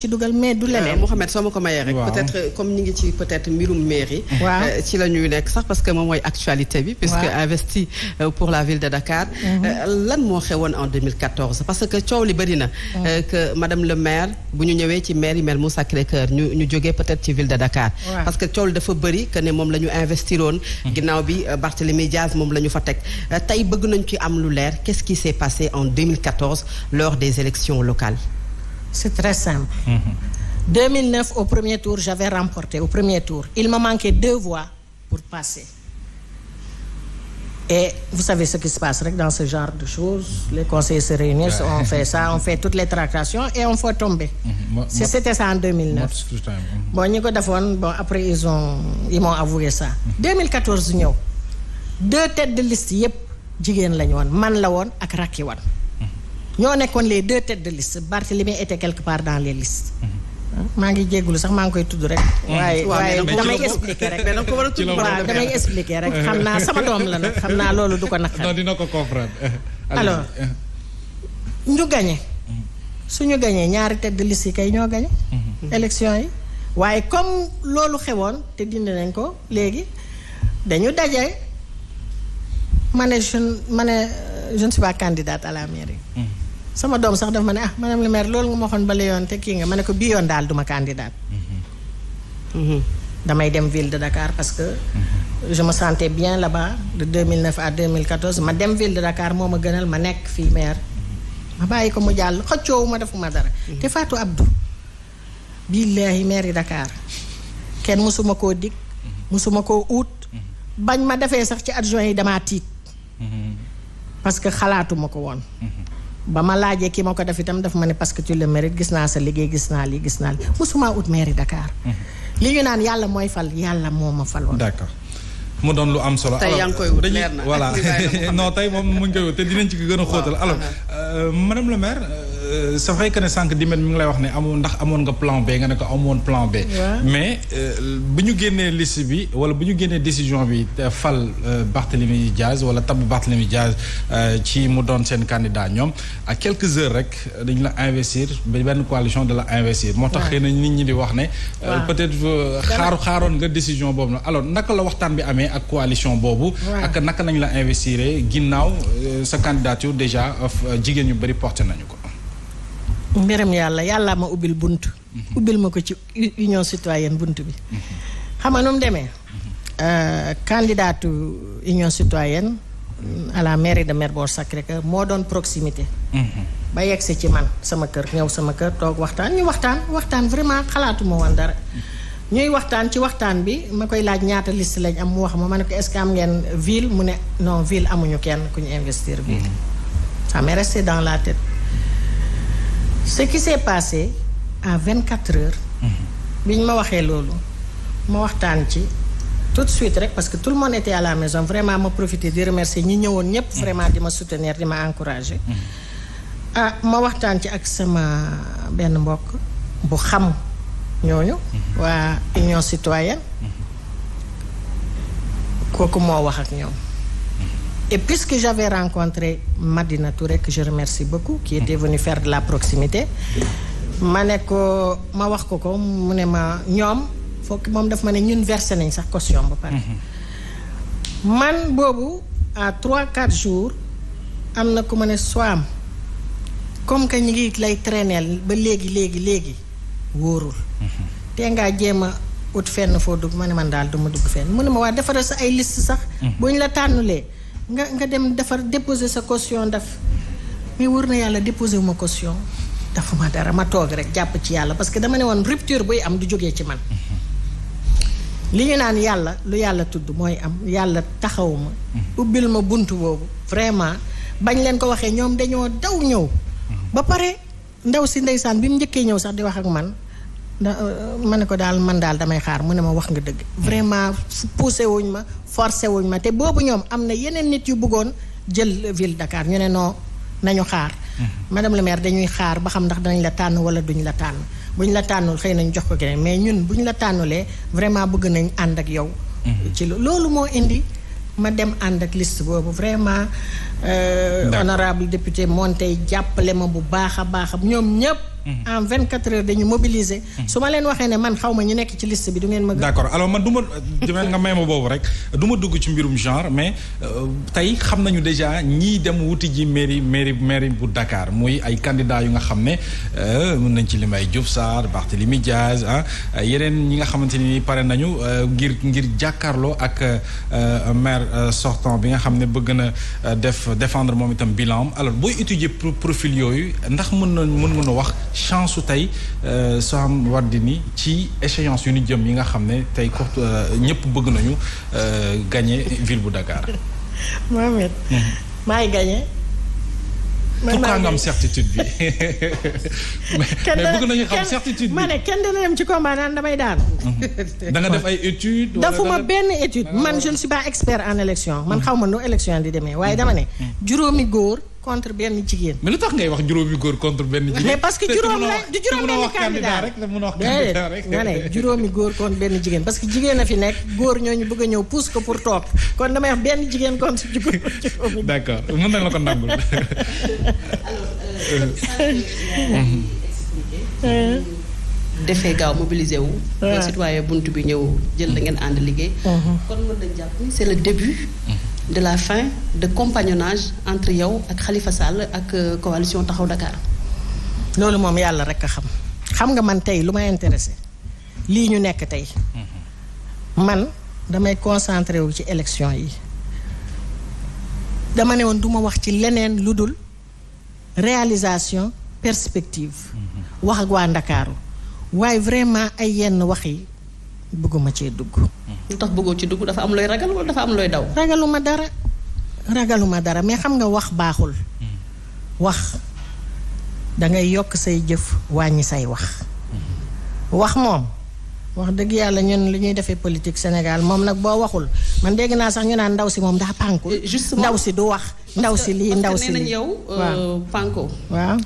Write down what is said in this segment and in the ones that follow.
ci dugal mais du leneen euh, Mouhamed soo ma ko mayee rek euh, comme ñi ngi ci peut-être mbirum mairie waaw euh, ci la ñuy nekk sax parce que moom mooy actualité bi puisque investi pour la ville de Dakar mhm. lan moo xewoon en 2014 parce que coow li bëri na mhm. que madame le maire bu ñu ñëwee ci mairie mel mu Sacré-Cœur ñu ñu jógee peut-être ci ville de Dakar parce coow li dafa bëri que ne moom lañu ñu investiroon mhm. ginnaaw bi Barthélémy Diaz moom la ñu fa teg tey bëgg nañ ci am lu leer qu'est-ce qui s'est passé en 2014 lors des élections locales c'est très simple. Mm -hmm. 2009 au premier tour j'avais remporté au premier tour il me manquait deux voix pour passer. et vous savez ce qui se passe rek dans ce genre de choses le conseil se réunissent on fait ça on fait toutes les tractations et on fait tomber si mhm. c'était ça en bon ñi ko defoon bon après ils ont ils m'ont avoué ça 2014 mhm. ñëw deux têtes de liste yëpp jigéen lañu woon man la woon ak Racky Wane ñoo nekkoon les deux têtes de li Barthélemy était quelque part dans les listes. maa ngi jégalu sax maa ngi koy tudd rek. Mm. waaye waaye damay expliquer rek. ko war a tudd rek xam naa sama doom la nag xam naa loolu du ko naqar. non dina ko comprendre. alors euh, suñu gañee ñaari tedd de yi kay ñoo gagné. Mm-hmm. élection yi waaye comme loolu xewoon te dindi nañ ko léegi dañu daje ma ne je ma ne je ne suis pas candidate à la sama doom sax dafa ma ne ah madame le maire loolu nga ma waxoon bale yoon te kii nga ma ne ko bii yoon daal duma candidat mhm. damay dem ville de Dakar parce que mhm. je me bien la bas de deux deux à 2014 ma dem ville de Dakar moo ma gënal ma nekk fii maire ma bàyyi ko mu jàll xëccoowu ma defuma dara mhm. te Fatou Abdou billaahi maire Dakar kenn mosuma koo dig mosuma koo uut bañ ma defee sax ci adjoint yi damaa tiit parce que xalaatuma ko woon ba ma laajee ki ma ko def itam daf ma ne parce que tu le mérites gis naa sa liggéey gis naa lii gis naa lii mosuma ut mairie Dakar. Mhm. li ñu naan yàlla mooy fal yàlla moo ma faloon. d'accord mu doon lu am solo. tey yaa tey moom mu ngi koy wut te dinañ ci gën a xóotal alors euh, madame le euh, c'est euh, vrai que ne sànq dimet mu ngi lay wax ne amoon ndax amoon nga plan B nga ne ko amoon plan B. mais euh, bu ñu génnee list bi wala bu ñu génnee décision bi fal euh, Barthélemy Diaz wala tabb Barthélemy Diaz ci mu doon seen candidat ñoom ak quelques heures rek dañu la investir benn coalition de la investir. moo tax xëy na nit ñi di wax ne. peut-être xaaru xaaroon nga décision boobu nag alors naka la waxtaan bi amee ak coalition boobu. ak naka nañ la investir ginnaaw sa candidature déjà jigéen ñu bari porté nañu ko. mbiram yàlla yàlla ma ubbil bunt mhm. ubbil ma ko ci union citoyenne bunt bi mhm. xam nga nu mu demee mhm. euh, candidatu union citoyenne à la mairie de Mermoz sacré que moo doon proximité ba yegsi ci man sama kër ñëw sama kër toog waxtaan ñu waxtaan waxtaan vraiment xalaatuma woon dara ñuy waxtaan ci waxtaan bi ma koy laaj ñaata liste lañ am mu wax ma ma ne ko est-ce que am ngeen ville mu ne non ville amuñu kenn ku ñu investir ville ça m'est dans la tête ce qui s'est passé à vingt quatre heures bi ñu ma waxee loolu ma waxtaan ci tout de suite rek parce que tout le monde était à la maison vraiment ma profité di remercier ñi ñëwoon ñëpp vraiment di ma soutenir di ma encourager mm-hmm. ah ma waxtaan ci ak sama benn mbokk bu xam ñooñu mm-hmm. waa union citoyenne mm-hmm. kooku moo wax ak ñoom Et puisque j'avais rencontré Madina Touré que je remercie beaucoup qui était venue faire de la proximité ma ne ko ma wax ko ko mu ne ma ñoom fokk moom daf ma ne ñun versé nañ sax caution ba pare man boobu à trois quatre jours am na ku ma ne soam comme que ñu ngi lay traîner ba léegi léegi léegi wóorul tee ngaa jéem a ut fenn foo dugg ma ne man daal du ma dugg fenn mu ne ma waa defaral sa ay liste sax mm-hmm. bu ñu la tànnulee nga nga dem defar déposer sa costion def mais wër na yàlla déposer wu ma caution dafa ma dara ma toog rek jàpp ci yàlla parce que dama ne woon rupture buy am du jógee ci man mhm. li ñu naan yàlla lu yàlla tudd mooy am yàlla taxaw ma mhm. ubbil ma bunt boobu vraiment bañ leen ko waxee ñoom dañoo daw ñëw mhm. ba pare ndaw si ndeysaan bi mu njëkkee ñëw sax di wax ak man ma ne ko daal man daal damay xaar mu ne ma wax nga dëgg. vraiment poussé wuñ ma forcé wuñ ma te boobu ñoom am na yeneen nit yu bëggoon jël ville Dakar ñu ne non nañu xaar. Mm-hmm. madame le dañuy xaar ba xam ndax danañ la tànn wala duñ la tànn buñ la tànnul xëy nañ jox ko keneen mais ñun buñ la tànnulee vraiment bëgg nañu ànd ak yow. Mm-hmm. ci loolu moo indi. ma dem ànd ak liste boobu vraiment. Euh, honorable député Montey jàppale ma bu baax a baax ñoom ñëpp. Mhm. en vingt quatre heures dañu mobiliser. Mhm. su ma leen waxee ne man xaw ma ñu nekk ci liste bi du ngeen ma. d' accord alors man du ma jëmee nga may rek du dugg ci mbirum genre mais euh, tey xam nañu déjà ñii dem wuti ji mairie mairie mairie bu Dakar mooy ay candidats yu nga xam ne euh, mën nañ ci lim ay Diouf Sarr Barthélémy Diaz ah yeneen ñi nga xamante ni pare nañu euh, ngir ngir jàkkaarloo ak maire sortant bi nga xam ne bëgg na def defendre moom itam bilan alors booy étudier profil yooyu ndax mën na mën mën a wax. chance su tey euh, Soham Wardini ci échéance yu ñu jëm yi nga xam ne tey ko euh, ñëpp bëgg nañu euh, gagner ville bu Dakar. Mohamed. Mhm. maay gagner. pourquoi nga am certitude bi. mais bëgg nañu xam certitude bi ma ne kenn dana dem ci combat naan damay daan. Mhm. da nga def ay études. ma benn étude man je si suis pas expert en élection man mhm. xaw ma nu élection di demee waaye dama ne. juróomi góor. contre benn jigéen. mais lu tax ngay wax juróomi góor contre benn jigéen. mais parce que juróom la du juróom benn candidat rek te mën a wax candidat rek nga a fi nekk góor ñooñu bëgg a ñëw pousse ko pour toog kon damay wax benn jigéen contre juróomi. d'accord mën na la ko ndàmbul. alors. Euh, defee gaaw mobiliser wu. waaw bunt bi ñëw jël la ngeen ànd liggéey. Mhm. c'est le début. Mhm. de la fin de compagnonnage entre yow ak Khalifa Sall ak euh, coalition Taxawu Dakar. loolu moom yàlla rek a xam xam nga man tey lu ma intéressé lii ñu nekk tey mm-hmm. man damay concentré wu ci élection yi dama ne woon du ma wax ci leneen lu dul réalisation perspective mm-hmm. wax waa Ndakaaru waaye vraiment ay yenn wax yi bëgguma cee dugg. lu tax bëggoo ci dugg dafa am looy ragal wala dafa am looy daw. ragaluma dara ragaluma dara mais xam nga wax baaxul. Hmm. wax dangay yokk say jëf wàññi say wax. Hmm. wax moom wax dëgg yàlla ñun li ñuy defee politique Sénégal moom nag boo waxul man dégg naa sax ñu naan ndaw si moom daa pànkul. Eh, ndaw si du wax ndaw si lii ndaw si lii. Euh, waaw pànkoo waaw.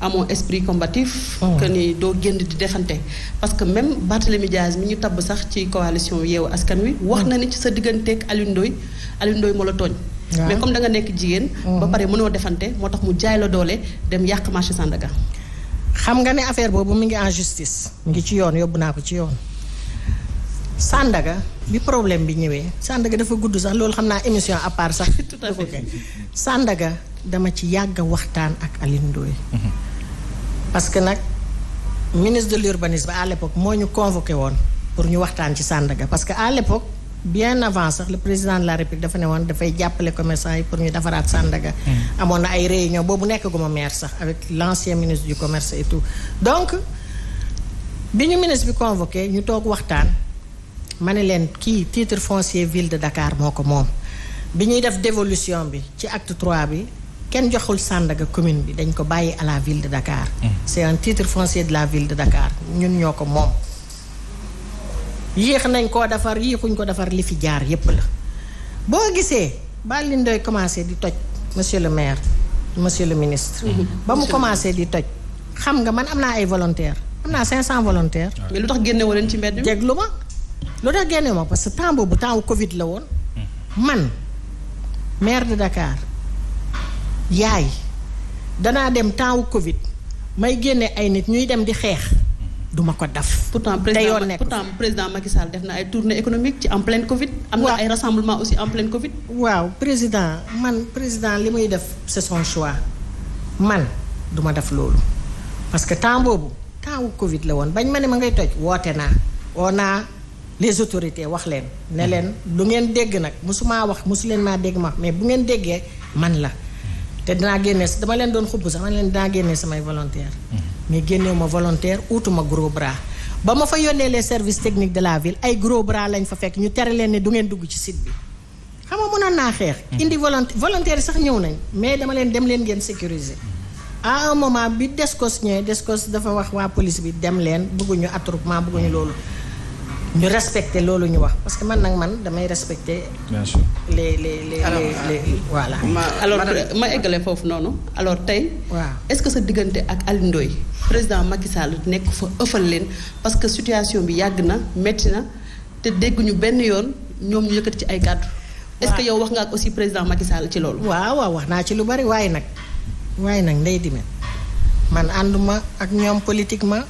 amoo esprit combatif. Oh. que ni doo génn di defante. parce que même Barthélémy Diaz mi ñu tabb sax ci coalition yeewu askan wi. wax na ni ci sa digganteeg Alioune Ndoye Alioune Ndoye moo la tooñ. mais comme da nga nekk jigéen. Oh. ba pare mënoo defante moo tax mu jaay la doole dem yàq marché Sandaga. xam nga ne affaire boobu mu ngi en justice. mu ngi ci yoon yóbbu naa ko ci yoon. Sandaga bi problème bi ñëwee Sandaga dafa gudd sax loolu xam naa émission à part sax. tout à fait Sandaga dama ci yàgg waxtaan ak Alioune parce que nag ministre de l'urbanisme à l'époque moo ñu convoqué woon pour ñu waxtaan ci sàndaga parce que à l'époque bien avant sax le président de la République dafa ne woon dafay jàppale commerçant yi pour ñu defaraat Sandaga mm. amoon na ay réunion boobu nekk guma maire sax avec l'ancien ministre du commerce et tout donc bi ñu ministre bi convoqué ñu toog waxtaan ma ne leen kii titre foncier ville de Dakar moo ko moom bi ñuy def dévolution bi ci acte 3 bi kenn joxul Sandaga commune bi dañ ko bàyyi à la ville de Dakar. c'est un titre foncier de la ville de Dakar ñun ñoo ko moom. yéex nañ koo defar yéexuñ ko defar li fi jaar yépp la boo gisee ba li ndoy commencé di toj monsieur le maire monsieur le ministre. Mhm. ba mu commencé di toj. xam nga man am naa ay volontaires am naa 500 volontaires. mais lu tax génne woo ci mbedd mi. déglu ma lu tax génne ma parce que temps boobu temps Covid la woon. Mhm. man maire de Dakar. yaay danaa dem temps wu Covid may génne ay nit ñuy dem di xeex duma ko daf def. pourtant président pourtant président Macky Sall def na ay tournée économique ci en pleine Covid. am na ay rassemblement aussi en pleine Covid. waaw président man président li muy def c'est son choix man duma def loolu parce que temps boobu temps wu Covid la woon bañ ma ne ma ngay toj woote naa oo naa les autorités wax leen ne leen lu ngeen dégg nag mosumaa wax mosu leen maa dégg ma mais bu ngeen déggee man la. te dinaa génne dama leen doon xubb sax ma leen dinaa génne samay volontaire mm-hmm. mais génnewu ma volontaire uutuma gros bras ba ma fa yónnee les service techniques de la ville ay gros bras lañ fa fekk ñu tere leen du ngeen dugg ci site bi xam nga mënoon naa xeex mm-hmm. indi volontaire volontaire sax ñëw nañ mais dama leen dem leen ngeen sécuriser mm-hmm. à un moment bi descos des cos dafa wax waa police bi dem leen bëgguñu attroupement bëgguñu loolu ñu respecter loolu ñu wax parce que man nag man damay respecter. bien sûr les les les alors, ah. ma alors euh, ma eggale foofu noonu. alors tey. waa est-ce que sa diggante ak Alioune Ndoye président Macky nekk fa ëffal leen parce que situation bi yàgg na métti na te dégguñu benn yoon ñoom ñu yëkkati ci ay kàddu. est-ce que yow wax nga ak aussi président Macky ci loolu. waaw waaw wax naa ci lu bari waaye nag. waaye nag ndey di man ànduma ak ñoom ma